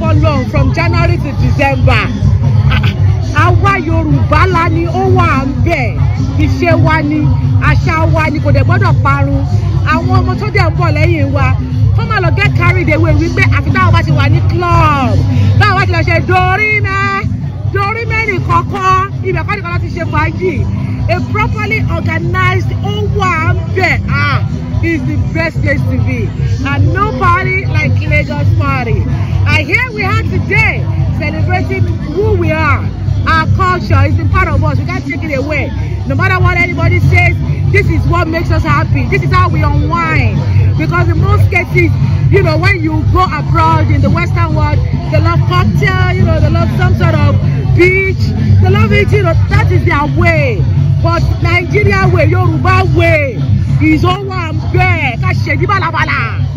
fọlọ́run from January to December àwa Yorùbá la ni ó wà ń bẹ̀ iṣẹ́ wa ni àṣà wa ni kò dẹ̀ gbọ́dọ̀ parun àwọn ọmọ tó dẹ̀ ń bọ̀ lẹ́yìn wa kó má lọ get carried away wípé àfi táwọn bá ti wà ní club táwọn bá ti lọ ṣe dorí mẹ́ dorí mẹ́ nìkan kọ́ ibẹ̀ kọ́ nìkan ló ti ṣe fàájì a properly organized ó wà ń bẹ̀ ah is the best place to be and nobody like Lagos party. But here we are today celebrating who we are. Our culture is a part of us. We can't take it away. No matter what anybody says, this is what makes us happy. This is how we unwind. Because in most cases, you know, when you go abroad in the Western world, they love cocktail, you know, they love some sort of beach, they love it, you know, that is their way. But Nigeria way, Yoruba way, is all one bẹ́ẹ̀ ká ṣe